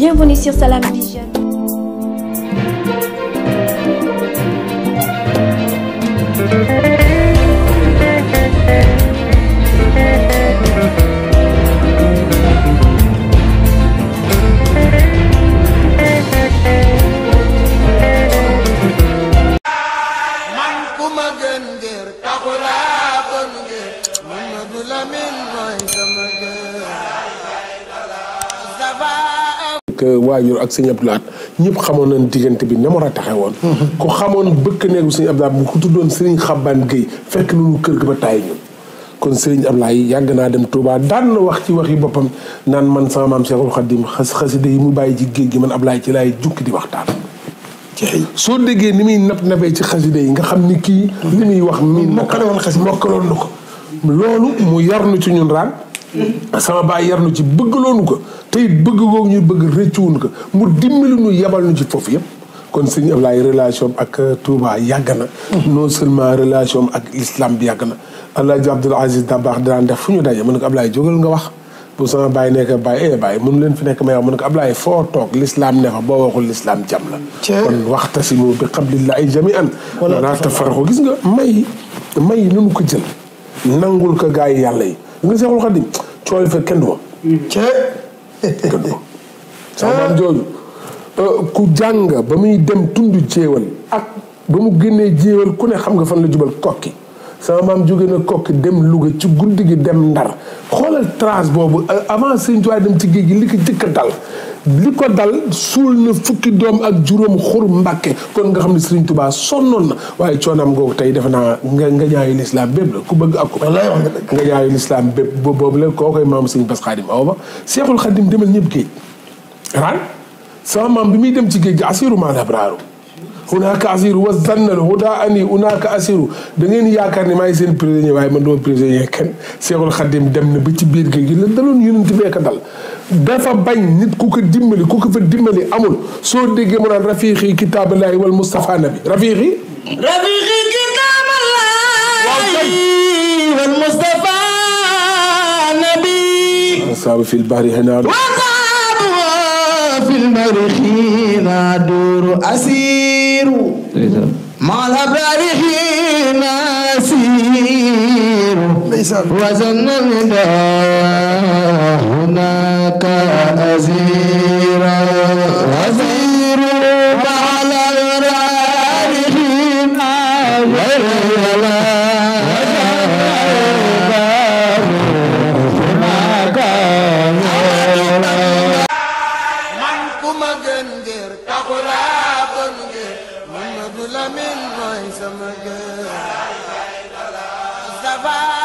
Bienvenue sur Salam Vision. Bye-bye. Euh, waajur ak sëñ Abdou Lahad ñëpp xamoon nañ diggante bi na mu rataxe woon mm-hmm. ku xamoon bëkk neegu sëñ Abdou Lahad bu ku tuddoon sëriñ Xabbaan Guèye fekk lu kër gi ba taay ñun kon sëriñ Abdou yàgg naa dem Touba daan na wax ci wax yi boppam naan man sama maam Cheikhul Khadim xas xasida yi mu bàyyi ci géej gi man Abdou Lahad ci laay jukki di waxtaan soo déggee ni muy napp napee ci xasida yi nga xam ni kii mm-hmm. li muy wax mi mokkaloon xas mokkaloon na ko loolu mu yar nu ci ñun raan sama baay yar nu ci bëgg loonu ko tey bëgg googu ñuy bëgg wun ko mu dimbali nu yebal nu ci foofu yëpp kon sëñ Ablaye relation ak Touba yàgg na non seulement relation ak l'islam bi yàgg na Alaaji Abdul Aziz Dabaax daan def fu ñu daje mën ko Ablaye jógal nga wax bu sama baay nekk bàyyi eh bàyyi mënu leen fi nekk may wax mën ko foo toog l'islam ne fa boo waxul l'islam jam la kon waxtasimu bi qablillahi jami'an wala tafarraqu gis nga may may nunu ko jël nangul ko gaay yàlla yi nga Seexul Xadim coow fekk kenn du ma. sama maam jooju euh, ku jàng ba muy dem tund jéewal ak ba mu génnee jéewal ku ne xam nga fan la jubal kokki sama maam jóge na kokki dem Louga ci guddi gi dem Ndar xoolal trace boobu euh, avant sëñ Tuubaa dem ci géej gi li ko jëkk dal li ko dal suul na fukki doom ak juróom xur mbàkke kon nga xam ne Serigne Touba sonnoon na waaye coonam googu tey defe naa nga nga ñaayu lislaam bépp ku bëgg ak ku nga ñaayu lislaam bépp boobu la koo koy maam Serigne Bass Khadim Awa Ba Seexul Xadim demal ñëpp géej raan sama bi muy dem ci géej gi asiru maa labraaru unaaka asiru wa zannal huda ani unaaka asiru da ngeen yaakaar ni maa ngi seen prisonnier waaye man duma prisonnier kenn Seexul Xadim dem na ba ci biir géej gi la daloon yonent bee ko dal dafa bañ nit ku ko dimbali ku ko fa dimbali amul soo déggee mu naan rafiixi kitaabalaahi wal Mustafa nabi rafiixi. rafiixi kitaabalaahi wal Mustafa nabi. wa saabu fil bahri hinaadu. wa saabu fil bahri hinaadu asiiru. maal abraari وزن منا هناك أزيرا وزير على الرائحين ويلا Bye.